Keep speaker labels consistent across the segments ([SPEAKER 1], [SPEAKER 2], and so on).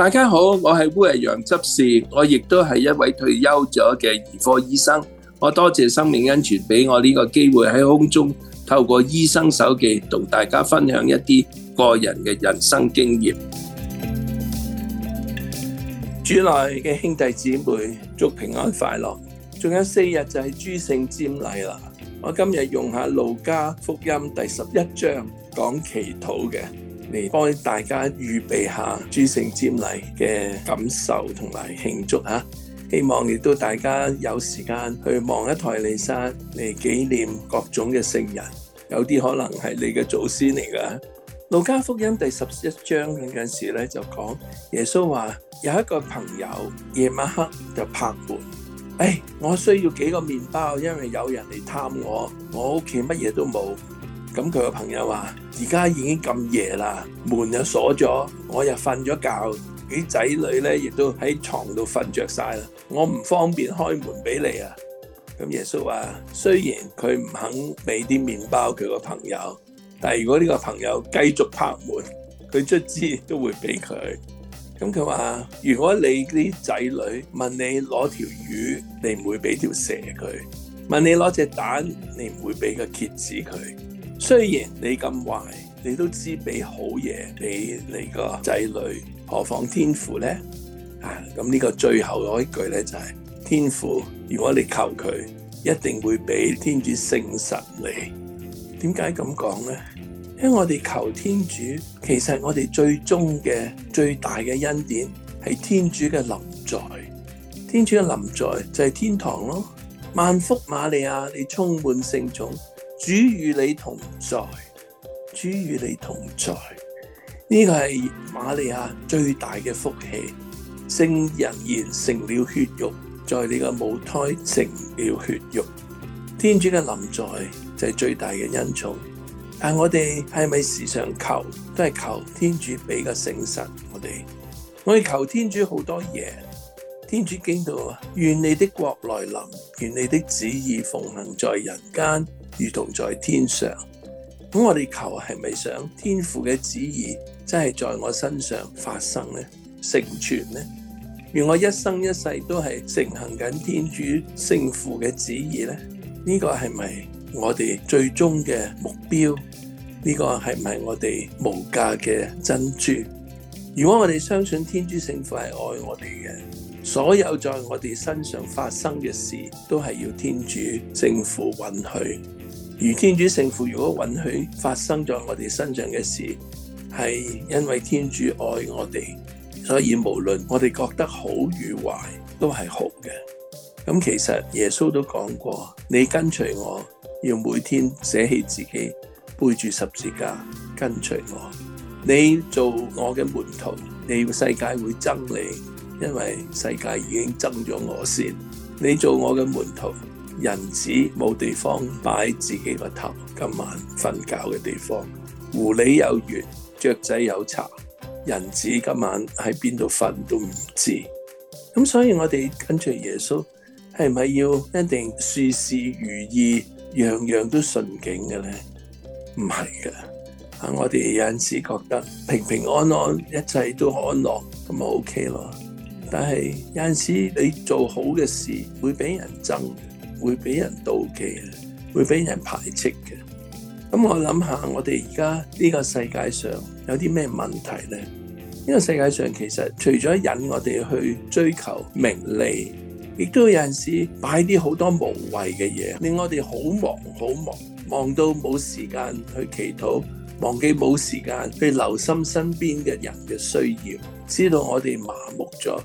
[SPEAKER 1] 大家好，我係烏羊執事，我亦都係一位退休咗嘅兒科醫生。我多謝生命恩泉俾我呢個機會喺空中透過醫生手記同大家分享一啲個人嘅人生經驗。主內嘅兄弟姊妹，祝平安快樂。仲有四日就係諸聖瞻禮啦。我今日用下路加福音第十一章講祈禱嘅。嚟幫大家預備一下諸聖瞻禮嘅感受同埋慶祝嚇，希望亦都大家有時間去望一台彌撒嚟紀念各種嘅聖人，有啲可能係你嘅祖先嚟噶。路加福音第十一章嗰陣時咧就講，耶穌話有一個朋友夜晚黑就拍門，哎，誒，我需要幾個麵包，因為有人嚟探我，我屋企乜嘢都冇。咁佢個朋友話：而家已經咁夜啦，門又鎖咗，我又瞓咗覺，啲仔女呢，亦都喺床度瞓着晒啦。我唔方便開門俾你啊。咁耶穌話：雖然佢唔肯俾啲麵包佢個朋友，但如果呢個朋友繼續拍門，佢卒之都會俾佢。咁佢話：如果你啲仔女問你攞條魚，你唔會俾條蛇佢；問你攞隻蛋，你唔會俾個蠍子佢。雖然你咁壞，你都知俾好嘢，你你個仔女，何況天父呢？啊，咁呢個最後嗰一句呢，就係、是、天父，如果你求佢，一定會俾天主聖神你。點解咁講呢？因為我哋求天主，其實我哋最終嘅最大嘅恩典係天主嘅臨在。天主嘅臨在就係天堂咯。萬福瑪利亞，你充滿聖寵。主與你同在，主與你同在，呢、這個係瑪利亞最大嘅福氣。聖人言：「成了血肉，在你個母胎成了血肉。天主嘅臨在就係最大嘅恩寵。但我哋係咪時常求都係求天主俾個聖神？我哋我哋求天主好多嘢。天主經度，願你的國來臨，願你的旨意奉行在人間。如同在天上，咁我哋求係咪想天父嘅旨意真係在我身上發生呢？成全呢？如我一生一世都係實行緊天主聖父嘅旨意呢？呢個係咪我哋最終嘅目標？呢個係咪我哋無價嘅珍珠？如果我哋相信天主聖父係愛我哋嘅，所有在我哋身上發生嘅事都係要天主聖父允許。而天主聖父如果允許發生在我哋身上嘅事，係因為天主愛我哋，所以無論我哋覺得好與壞都係好嘅。咁其實耶穌都講過，你跟隨我，要每天捨棄自己，背住十字架跟隨我。你做我嘅門徒，你世界會憎你，因為世界已經憎咗我先。你做我嘅門徒。人子冇地方擺自己個頭，今晚瞓覺嘅地方，狐狸有月，雀仔有巢，人子今晚喺邊度瞓都唔知。咁所以我哋跟住耶穌係咪要一定事事如意，樣樣都順境嘅咧？唔係嘅啊！我哋有陣時覺得平平安安，一切都安樂咁咪 OK 咯。但係有陣時你做好嘅事會俾人憎。會俾人妒忌嘅，會俾人排斥嘅。咁我諗下，我哋而家呢個世界上有啲咩問題呢？呢個世界上其實除咗引我哋去追求名利，亦都有陣時擺啲好多無謂嘅嘢，令我哋好忙好忙，忙到冇時間去祈禱，忘記冇時間去留心身邊嘅人嘅需要，知道我哋麻木咗。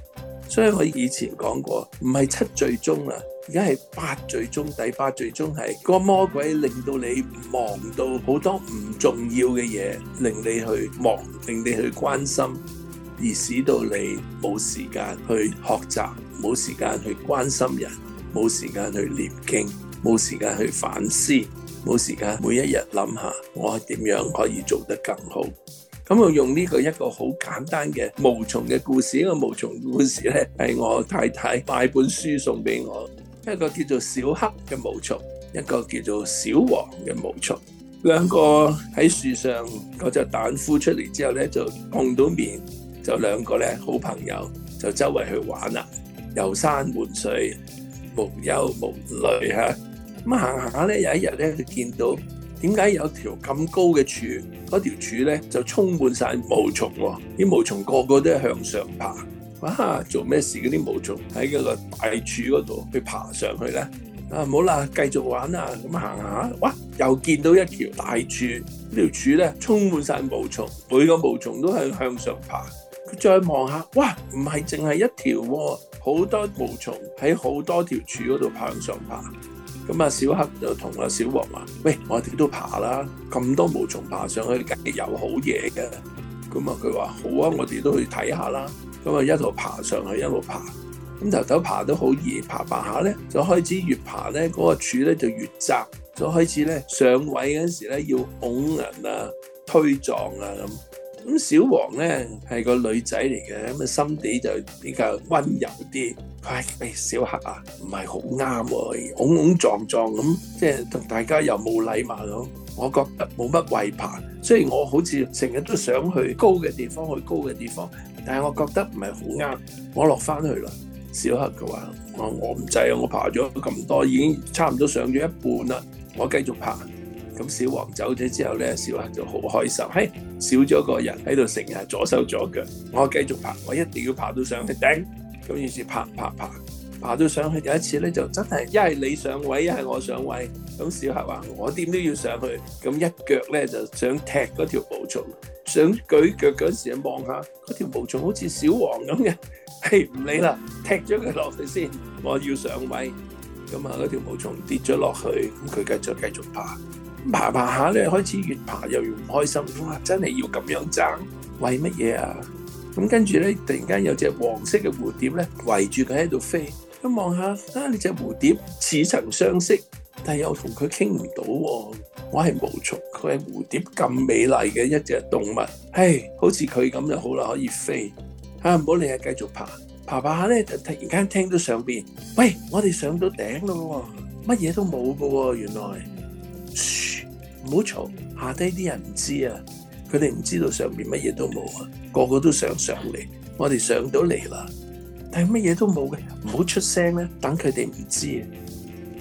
[SPEAKER 1] 所以我以前講過，唔係七罪宗啦，而家係八罪宗。第八罪宗係個魔鬼令到你忙到好多唔重要嘅嘢，令你去忙，令你去關心，而使到你冇時間去學習，冇時間去關心人，冇時間去念經，冇時間去反思，冇時間每一日諗下我點樣可以做得更好。咁我用呢個一個好簡單嘅毛蟲嘅故事，呢個毛蟲故事呢，係我太太買本書送俾我，一個叫做小黑嘅毛蟲，一個叫做小黃嘅毛蟲，兩個喺樹上嗰隻蛋孵出嚟之後呢，就碰到面，就兩個呢好朋友就周圍去玩啦，遊山玩水，無憂無慮吓、啊，咁行行下呢，有一日呢，就見到。點解有一條咁高嘅柱？嗰條柱呢，就充滿晒毛蟲，哦，啲毛蟲個個都向上爬。哇！做咩事嗰啲毛蟲喺一個大柱嗰度去爬上去呢？啊，唔好啦，繼續玩啦，咁行下，哇！又見到一條大柱，呢條柱呢，充滿晒毛蟲，每個毛蟲都係向上爬。佢再望下，哇！唔係淨係一條，哦，好多毛蟲喺好多條柱嗰度向上爬。咁啊，小黑就同阿小黃話：喂，我哋都爬啦，咁多毛蟲爬上去，梗係有好嘢嘅。咁啊，佢話：好啊，我哋都去睇下啦。咁啊，一路爬上去，一路爬。咁頭頭爬得好易，爬爬下咧，就開始越爬咧，嗰個柱咧就越窄。就開始咧上位嗰陣時咧，要拱人啊，推撞啊咁。咁小王呢係個女仔嚟嘅，咁啊心地就比較温柔啲。佢、哎、話、哎：小黑啊，唔係好啱喎，拱拱撞撞咁，即係同大家又冇禮貌咁。我覺得冇乜位爬，雖然我好似成日都想去高嘅地方，去高嘅地方，但係我覺得唔係好啱。我落翻去啦。小黑佢話：我我唔制啊，我爬咗咁多已經差唔多上咗一半啦，我繼續爬。咁小黃走咗之後咧，小黑就好開心，嘿，少咗個人喺度，成日左手左腳，我繼續爬，我一定要爬到上去頂。咁於是爬爬爬，爬到上去有一次咧，就真係一係你上位，一係我上位。咁小黑話：我點都要上去。咁一腳咧就想踢嗰條毛蟲，想舉腳嗰陣時望下嗰條毛蟲，好似小黃咁嘅，嘿，唔理啦，踢咗佢落去先，我要上位。咁啊，嗰條毛蟲跌咗落去，咁佢繼續繼續爬。爬爬下咧，開始越爬又越唔開心啦！真係要咁樣爭，為乜嘢啊？咁跟住咧，突然間有隻黃色嘅蝴蝶咧，圍住佢喺度飛。咁望下，啊！呢隻蝴蝶似曾相識，但係又同佢傾唔到。我係毛蟲，佢係蝴蝶咁美麗嘅一隻動物。唉，好似佢咁就好啦，可以飛。啊，唔好你係繼續爬，爬爬下咧就突然間聽到上邊，喂！我哋上到頂咯喎，乜嘢都冇噶喎，原來。唔好嘈，下低啲人唔知啊！佢哋唔知道上面乜嘢都冇啊，個個都想上嚟。我哋上到嚟啦，但係乜嘢都冇嘅，唔好出聲咧，等佢哋唔知啊。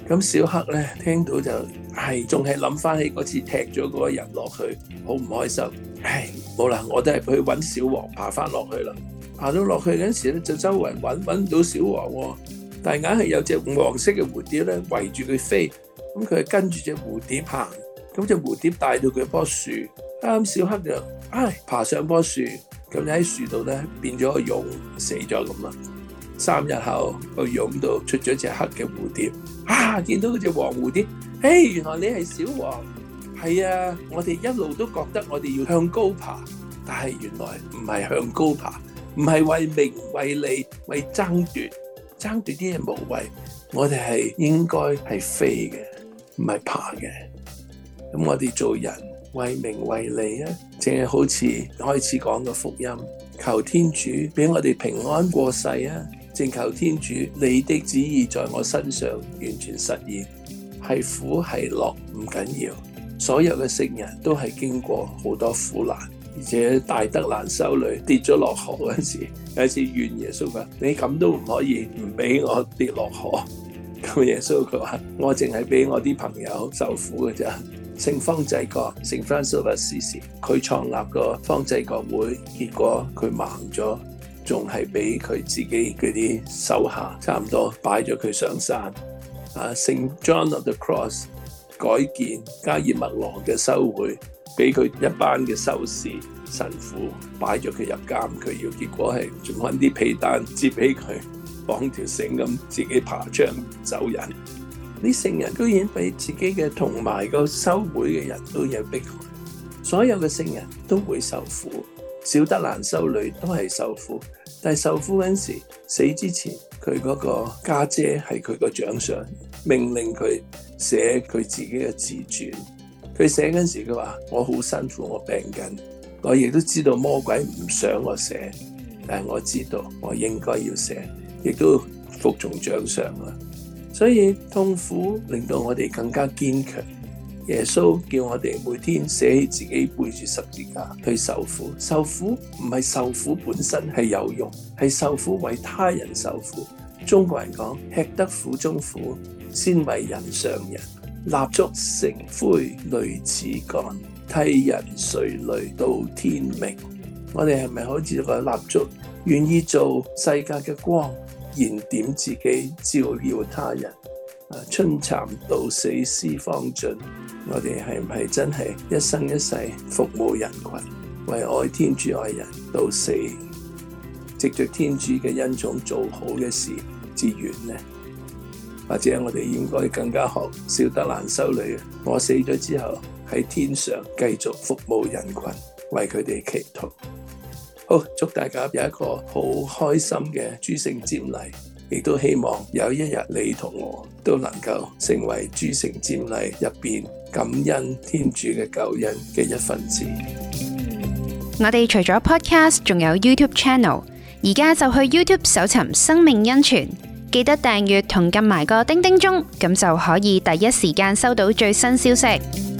[SPEAKER 1] 咁小黑咧聽到就係仲係諗翻起嗰次踢咗嗰個人落去，好唔開心。唉、哎，冇啦，我都係去搵小黃爬翻落去啦。爬到落去嗰時咧，就周圍搵搵唔到小黃，哦，但係硬係有隻黃色嘅蝴蝶咧圍住佢飛，咁佢係跟住隻蝴蝶行。咁隻蝴蝶帶到佢棵樹，啱，小黑就唉爬上棵樹，咁你喺樹度咧變咗個蛹死咗咁啦。三日後個蛹度出咗隻黑嘅蝴蝶啊！見到嗰隻黃蝴蝶，誒，原來你係小黃。係啊，我哋一路都覺得我哋要向高爬，但係原來唔係向高爬，唔係為名為利為爭奪爭奪啲嘢，無謂。我哋係應該係飛嘅，唔係爬嘅。咁我哋做人為名為利咧，啊，淨係好似開始講個福音，求天主俾我哋平安過世啊！淨求天主，你的旨意在我身上完全實現，係苦係樂唔緊要。所有嘅聖人都係經過好多苦難，而且大德蘭修女跌咗落河嗰時，有次怨耶穌話：你咁都唔可以唔俾我跌落河。咁耶穌佢話：我淨係俾我啲朋友受苦嘅咋。」聖方濟各、聖 Francis of Assisi，佢創立個方濟各會，結果佢盲咗，仲係俾佢自己嗰啲手下，差唔多擺咗佢上山。啊，聖 John of the Cross 改建加爾默羅嘅修會，俾佢一班嘅修士神父擺咗佢入監，佢要結果係仲搵啲被單接起佢，綁條繩咁自己爬窗走人。呢啲聖人居然俾自己嘅同埋個修會嘅人都有逼害。所有嘅聖人都會受苦，小德蘭修女都係受苦。但係受苦嗰時候，死之前佢嗰個家姐係佢個長上，命令佢寫佢自己嘅自傳。佢寫嗰時佢話：我好辛苦，我病緊，我亦都知道魔鬼唔想我寫，但係我知道我應該要寫，亦都服從長上啊。所以痛苦令到我哋更加堅強。耶穌叫我哋每天捨棄自己，背住十字架去受苦。受苦唔係受苦本身係有用，係受苦為他人受苦。中國人講，吃得苦中苦，先為人上人。蠟燭成灰淚始乾，替人垂淚到天明。我哋係咪可以做個蠟燭，願意做世界嘅光？燃點自己，照耀他人。啊，春蠶到死絲方盡。我哋係唔係真係一生一世服務人群，為愛天主愛人到死，藉着天主嘅恩寵做好嘅事之願呢？或者我哋應該更加學小德蘭修女。我死咗之後喺天上繼續服務人群，為佢哋祈禱。祝大家有一個好開心嘅諸聖瞻禮，亦都希望有一日你同我都能夠成為諸聖瞻禮入邊感恩天主嘅救恩嘅一份子。我哋除咗 Podcast，仲有 YouTube Channel，而家就去 YouTube 搜尋生命恩泉，記得訂閱同撳埋個叮叮鐘，咁就可以第一時間收到最新消息。